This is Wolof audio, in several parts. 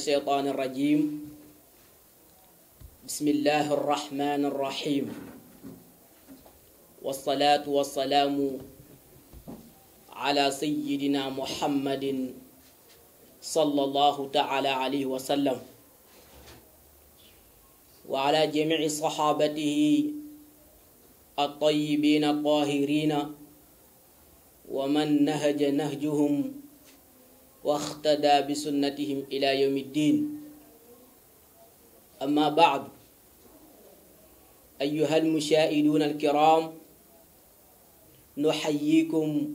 الشيطان الرجيم بسم الله الرحمن الرحيم والصلاة والسلام على سيدنا محمد صلى الله تعالى عليه وسلم وعلى جميع صحابته الطيبين الطاهرين ومن نهج نهجهم واختدى بسنتهم إلى يوم الدين أما بعد أيها المشاهدون الكرام نحييكم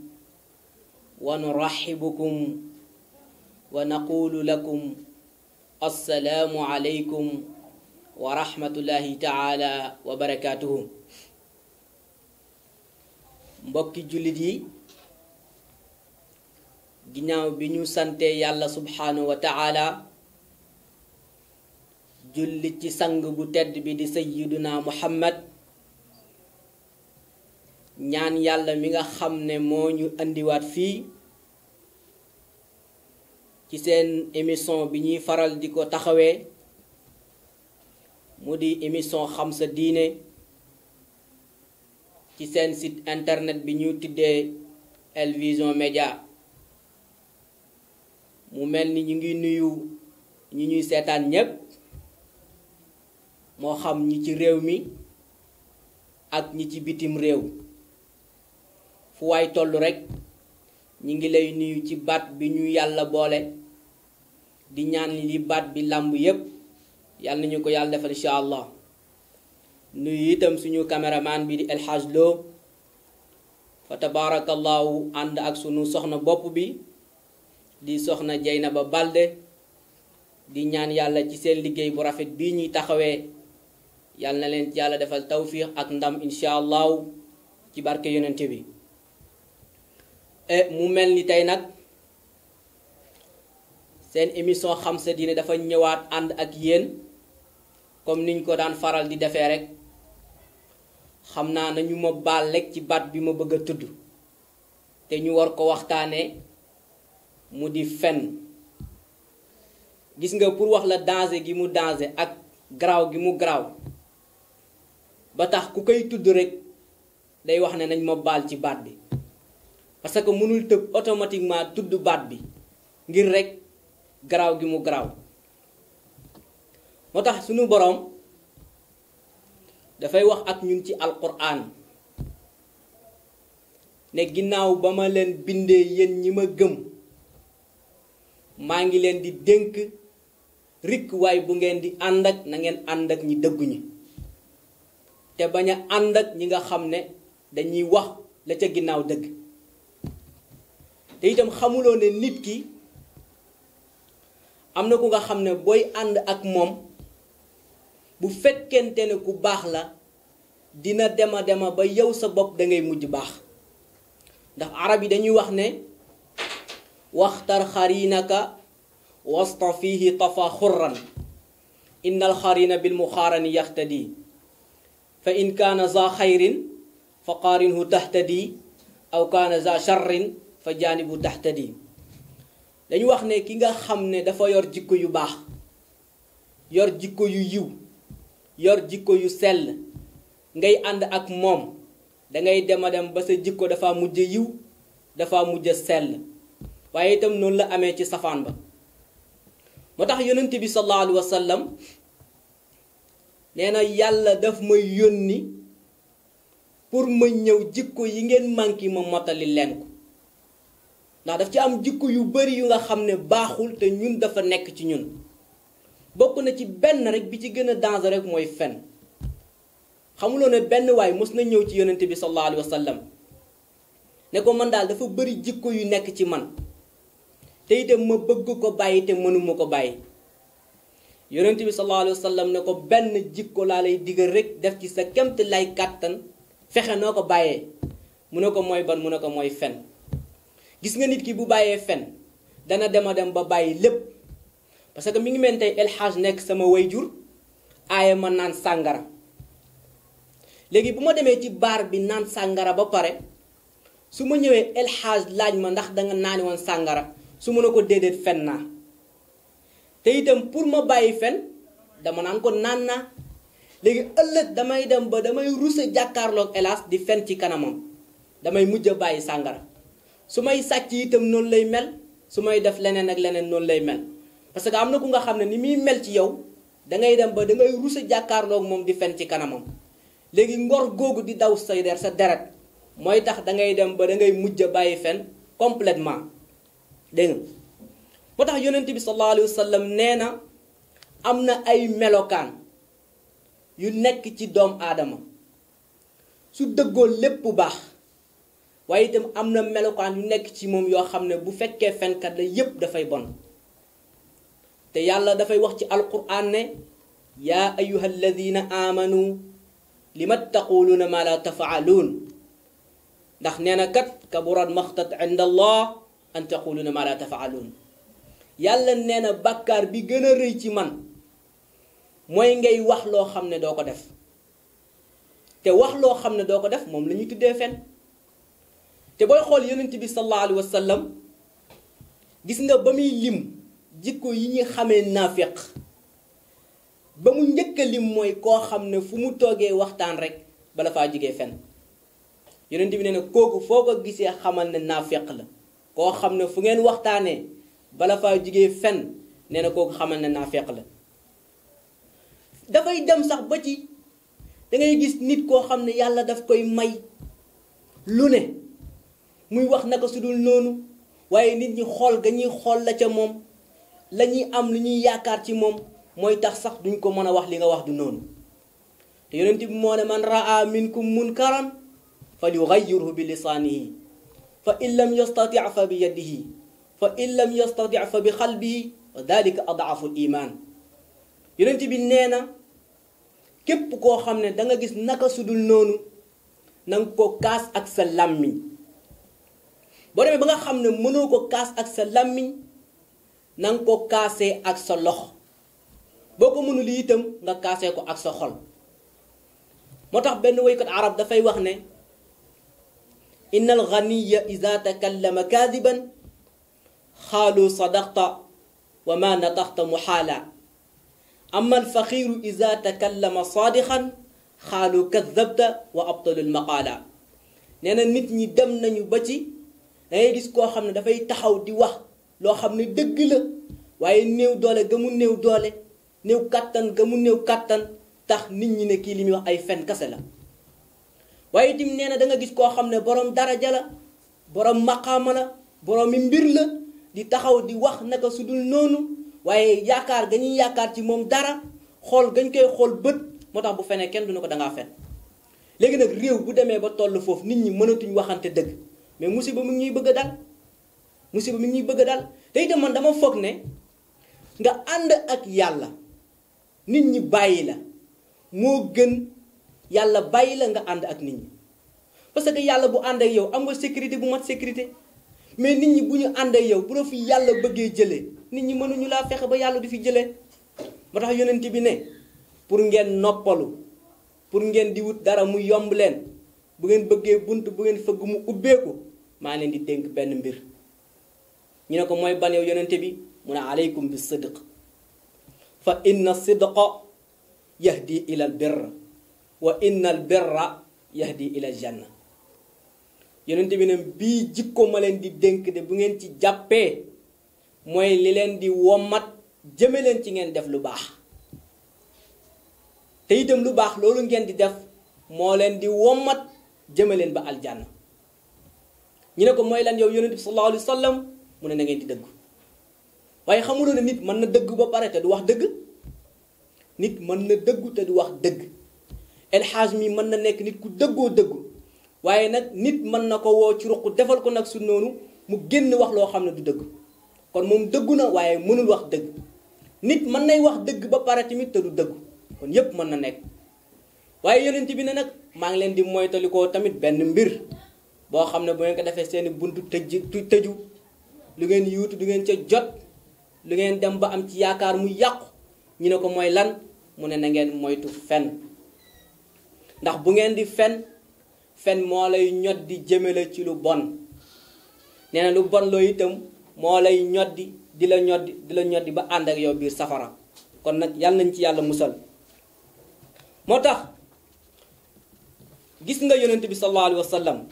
ونرحبكم ونقول لكم السلام عليكم ورحمة الله تعالى وبركاته مبكي جلدي ginaaw bi ñu santee yàlla subhaanahu wa ta'ala julli ci sang bu tedd bi di sayyiduna muhammad ñaan yàlla mi nga xam ne moo ñu indiwaat fii ci seen émission bi ñuy faral di ko taxawee mu di émission xam sa diine ci seen sit internet bi ñu tiddee Elvision Média mu melni ñi ngi nuyu ñi ñuy sétan ñep mo xam ñi ci réew mi ak ñi ci bitim réew fu way tollu rek ñi ngi lay nuyu ci bat bi ñu yalla boole di ñaan li bat bi lamb yépp yalla nañu ko yalla defal inshallah nuyu itam suñu cameraman bi di El hajlo fa tabarakallahu and ak sunu soxna bop bi di soxna Jeynaba Balde di ñaan yàlla ci seen liggéey bu rafet bii ñuy taxawee yàlla na leen jàll defal tawfiix ak ndam incha ci barke yonent bi eh, mu mel ni tey nag seen émission xam sa diine dafa ñëwaat ànd ak yéen comme niñ ko daan faral di defee rek xam naa nañu ma baal rek ci baat bi ma bëgg tudd te ñu war ko waxtaanee mu di fenn gis nga pour wax la danger gi mu danger ak garaaw gi mu garaaw ba tax ku koy tudd rekk day wax ne nañ ma baal ci baat bi parce que mënul tëb automatiquement tudd baat bi ngir rek garaaw gi mu garaaw moo tax sunu boroom dafay wax ak ñun ci alquran ne ginnaaw ba ma leen bindee yéen ñi ma gëm maa ngi leen di dénk rikk waay bu ngeen di ànd ak na ànd ak ñi dëgg te bañ a ànd ak ñi nga xam ne dañuy wax la ca ginnaaw dëgg te itam xamuloo ne nit ki am na ku nga xam ne booy ànd ak moom bu fekkente ne ku baax la dina dema dema ba yow sa bopp dangay mujj baax ndax arab yi dañuy wax ne واختر قرينك واسط فيه تفاخرا إن القرين بالمقارن يهتدي فإن كان ذا خير فقارنه تهتدي أو كان ذا شر فجانبه تهتدي dañu wax ne ki nga xam ne dafa yor jikko yu baax yor jikko yu yiw yor jikko yu sell ngay ànd ak moom dangay dem a dem ba sa jikko dafa mujj yiw dafa mujj sell waaye itam noonu la amee ci safaan ba moo tax yonent bi sallallahu alayhi sallam nee na yàlla daf ma yónni pour ma ñëw jikko yi ngeen manqué ma mottali leen ko ndax daf ci am jikko yu bari yu nga xam ne baaxul te ñun dafa nekk ci ñun bokk na ci benn rek bi ci gën a danger rek mooy fenn xamuloo ne benn waay mos na ñëw ci yonent bi sallallahu alayhi sallam ne ko man daal dafa bari jikko yu nekk ci man te itam ma bëgg ko bàyyi te mënuma ko bàyyi yonent bi sallallahu alayhi ne ko benn jikko laa lay digal rek def ci sa kemt lay kàttan fexe noo ko bàyyee mu ne ko mooy ban mu ne ko mooy fen gis nga nit ki bu bàyyee fen dana dema dem ba bàyyi lépp parce que mi ngi mel tey El nekk sama way jur aaye ma naan sàngara léegi bu ma demee ci baar bi naan sàngara ba pare su ma ñëwee El laaj ma ndax danga naani woon sàngara su mun a ko déedéet fen naa te itam pour ma bàyyi fen dama naan ko naan naa léegi ëllëg damay dem ba damay rusa jàkkaarloog hélas di fen ci kanamam damay mujj a bàyyi sàngara su may sàcc itam noonu lay mel su may def leneen ak leneen noonu lay mel parce que am na ku nga xam ne ni muy mel ci yow da ngay dem ba da ngay rusa jàkkaarlook moom di fen ci kanamam léegi ngor googu di daw sa sa deret mooy tax da ngay dem ba da ngay mujj a bàyyi fen complètement dégg nga moo tax yonent bi sallallahu alayhi wa sallam nee na am na ay melokaan yu nekk ci doom aadama su dëggoo lépp bu baax waaye itam am na melokaan yu nekk ci moom yoo xam ne bu fekkee fenkat la yépp dafay bon te yàlla dafay wax ci alquran ne yaa ayuha alladina amanu lima taquluuna ma la tafaaluun ndax nee na kat kaburat maxtat inda allah أن تقولون ما لا تفعلون يالا نينا بكار بي غنا ري سي مان موي غي واخ لو خامني دوكو ديف تي واخ لو خامني دوكو ديف موم لا ني تودي فين تي بوي خول يونتي بي صلى الله عليه وسلم غيس نغا بامي ليم جيكو يي ني خامي نافق بامو نيكا ليم موي كو خامني فومو توغي واختان ريك بلا فا جيغي فين يونتي بي نينا كوكو فوكو غيسي خامل نافق لا koo xam ne fu ngeen waxtaanee bala faa jugee fen nee na kooku xamal ne naa feq la dafay dem sax ba ci dangay gis nit koo xam ne yàlla daf koy may lu ne muy wax naka su dul noonu waaye nit ñi xool ga xool la ca moom la ñuy am lu ñuy yaakaar ci moom mooy tax sax duñ ko mën a wax li nga wax du noonu te yonent bi moo ne man raa minkum munkaran falyughayyirhu bi lisaanihi فإن لم يستطع فبيده فإن لم يستطع فبقلبه وذلك أضعف الإيمان yonent bi nee na képp koo xam ne da nga gis naka sudul noonu na nga ko kaas ak sa làmmiñ boo demee ba nga xam ne mënoo ko kaas ak sa làmmiñ na nga ko kaasee ak sa loxo boo ko mënul itam nga kaasee ko ak sa xol moo tax benn woykat arab dafay wax ne إن الغني إذا تكلم كاذبا خالو صدقت وما نطقت محالا أما الفخير إذا تكلم صادقا خالو كذبت وأبطل المقالة نانا نيت ني دم نانيو باتي اي ديس كو خامن دا فاي تخاو دي واخ لو خامن دغ لا واي نيو دوله گمو نيو دوله نيو كاتان گمو نيو كاتان تخ نيت ني نكي ليمي واخ اي فن كاسه waye tim neena da nga gis ko xamne borom daraja la borom maqama la borom mbir la di taxaw di wax naka sudul nonu waye waaye yaakaar ga ci mom dara xol gën koy xol beut motax bu fene kenn duñu ko nga fen léegi nak rew bu deme ba tollu fof nit ñi mënatuñ waxante deug mais musiba mu ñuy bëgg dal musiba mi ñuy bëgg dal te man dama ne nga anda ak yalla nit ñi bayila mo gën yàlla bàyyi la nga ànd ak nit ñi parce que yàlla bu ànd ak yow am nga sécurité bu mat sécurité mais nit ñi bu ñu ànd ak yow bu la fi yàlla bëggee jëlee nit ñi mënuñu laa fexe ba yàlla du fi jëlee moo tax yonent bi ne pour ngeen noppalu pour ngeen di wut dara mu yomb leen bu ngeen bëggee bunt bu ngeen fëgg mu ubbeeku maa leen di dénk benn mbir ñu ne ko mooy ban yow yonent bi mu ne aleykum bi sidq fa inna sidqa di ilal birr wa innal birra yahdi ila janna yonent bi ne bii jikko ma leen di dénk de bu ngeen ci jàppee mooy li leen di wommat jëme leen ci ngeen def lu baax te itam lu baax loolu ngeen di def moo leen di wommat jëme leen ba aljanna ñu ne ko mooy lan yow yonent bi sallallahu alayhi mu ne na ngeen di dëgg waaye xamuloo ne nit mën na dëgg ba pare te du wax dëgg nit mën na dëggu te du wax dëgg El Hadj mi mën na nekk nit ku dëggoo dëggu waaye nag nit mën na ko woo ci ruq defal ko nag su noonu mu génn wax loo xam ne du dëggu kon moom dëggu na waaye mënul wax dëgg nit mën nay wax dëgg ba pare tamit te du kon yépp mën na nekk waaye yonent bi ne nag maa ngi leen di moytalikoo tamit benn mbir boo xam ne bu ngeen ko defee seeni buntu tëj tëju lu ngeen yuutu du ngeen ca jot lu ngeen dem ba am ci yaakaar mu yàqu ñu ne ko mooy lan mu ne na ngeen moytu fenn ndax bu ngeen di fen fen moo lay ñot di jëmale ci lu bon nee na lu bon loo itam moo lay ñot di la ñot di la ñot ba ànd ak yow biir safara kon nag yàlla nañ ci yàlla musal moo tax gis nga yonent bi sallallahu alayhi wa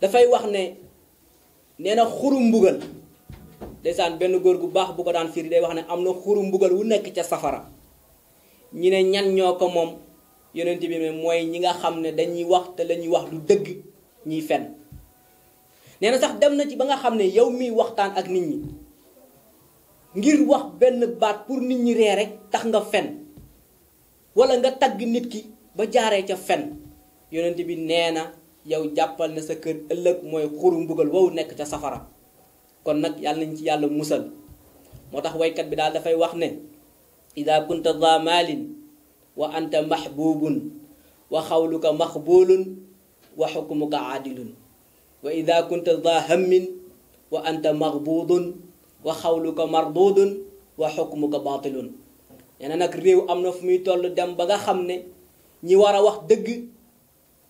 dafay wax ne nee na xuru mbugal ndeysaan benn góor gu baax bu ko daan firi day wax ne am na xuru mbugal wu nekk ca safara ñi ne ñan ñoo ko moom yonent bi ne mooy ñi nga xam ne dañuy wax te la ñuy wax lu dëgg ñiy fen nee na sax dem na ci ba nga xam ne yow miy waxtaan ak nit ñi ngir wax benn baat pour nit ñi ree rek tax nga fen wala nga tagg nit ki ba jaaree ca fen yonent bi nee na yow jàppal na sa kër ëllëg mooy xuru mbugal wow nekk ca safara kon nag yàlla nañ ci yàlla musal moo tax waykat bi daal dafay wax ne ida kunta da maalin وأنت محبوب وخولك مقبول وحكمك عادل وإذا كنت ذا هم وأنت مغبوض وخولك مردود وحكمك باطل يعني أنا كريو أمنا في ميتول دم بغا خمنا ني وارا وخ دق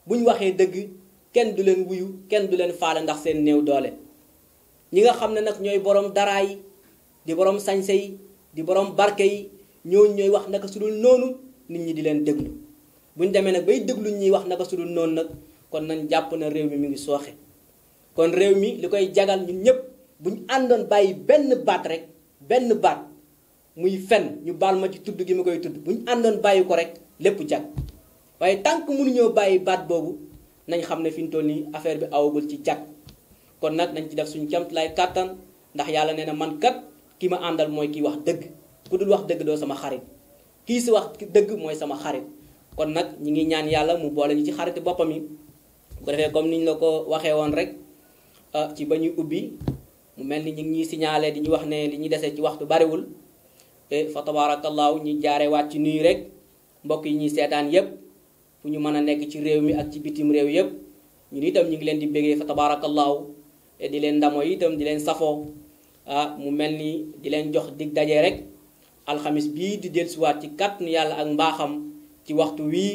بني وخي دق كن دولن ويو كن دولن فالن دخسين نيو دولة نيغا خمنا نك نيوي بروم دراي دي بروم سانسي دي بروم باركي نيو نيوي وخ نك سلول نونو nit ñi di leen déglu bu ñu demee nag bay déglu ñuy wax naka su dul noonu nag kon nañ jàpp na réew mi mu ngi sooxee kon réew mi li koy jagal ñun ñëpp bu ñu àndoon bàyyi benn baat rek benn baat muy fen ñu baal ma ci tudd gi ma koy tudd bu ñu bàyyi ko rek lépp jag waaye tànk mënuñoo bàyyi baat boobu nañ xam ne fi mu toll nii affaire bi awagul ci jag kon nag nañ ci def suñ suñu kemtalaay kàttan ndax yàlla nee na man kat ki ma àndal mooy kiy wax dëgg ku dul wax dëgg doo sama xarit. kii si wax dëgg mooy sama xarit kon nag ñi ngi ñaan yàlla mu boole ñu ci xarit boppam yi bu ko defee comme niñ la ko waxee woon rek ah, ci ba ñuy ubbi mu mel ni ñu ñuy signalé di ñu wax ne li ñuy desee ci waxtu bariwul te fa ñuy jaare waat ci nuyu rek mbokk yi ñuy seetaan yépp fu ñu mën a nekk ci réew mi ak ci bitim réew yépp ñun itam ñu ngi leen di bégee fa tabaarakallaahu te di leen ndamoo itam di leen safoo ah mu mel ni di leen jox dig daje rek alxamis bii di dell dellusiwaat ci kàttanu yàlla ak mbaaxam ci waxtu wii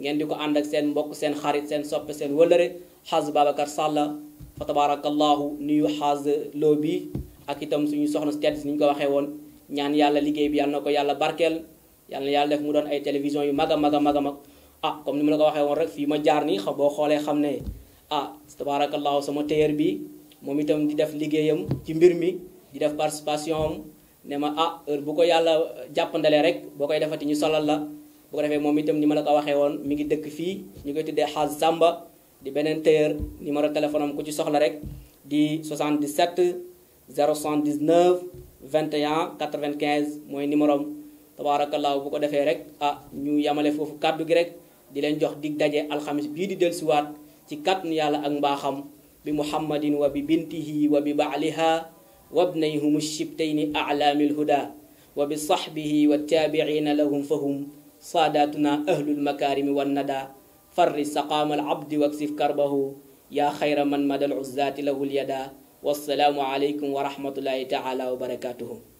ngeen di ko ànd ak seen mbokk seen xarit seen soppe seen wëlëre xaas Babacar Sàlla fa tabarakallahu nuyu xaas loo bi ak itam suñu soxna si tedd ni ñu ko waxee woon ñaan yàlla liggéey bi yàlla na ko yàlla barkeel yàlla yàlla def mu doon ay télévision yu mag a mag a mag a mag ah comme nu mu la ko waxee woon rek fii ma jaar nii xam boo xoolee xam ne ah tabarakallahu sama téyër bi moom itam di def liggéeyam ci mbir mi di def participation ne ma ah bu ko yàlla jàppandalee rek boo koy defati ñu solal la bu ko defee moom itam ni ma la ko waxee woon mu ngi dëkk fii ñu koy tuddee xaas Samba di beneen tailleur numéro téléphone am ku ci soxla rek di 77 079 21 95 mooy numéro am tabaarakallaa bu ko defee rek ah ñu yamale foofu kàddu gi rek di leen jox dig daje alxamis bii di dellusiwaat ci kàttanu yàlla ak mbaaxam bi muhammadin wa bintihi وابنيهم الشبتين أعلام الهدى وبصحبه والتابعين لهم فهم صاداتنا أهل المكارم والندى فر سقام العبد واكسف كربه يا خير من مدى العزات له اليدا والسلام عليكم ورحمة الله تعالى وبركاته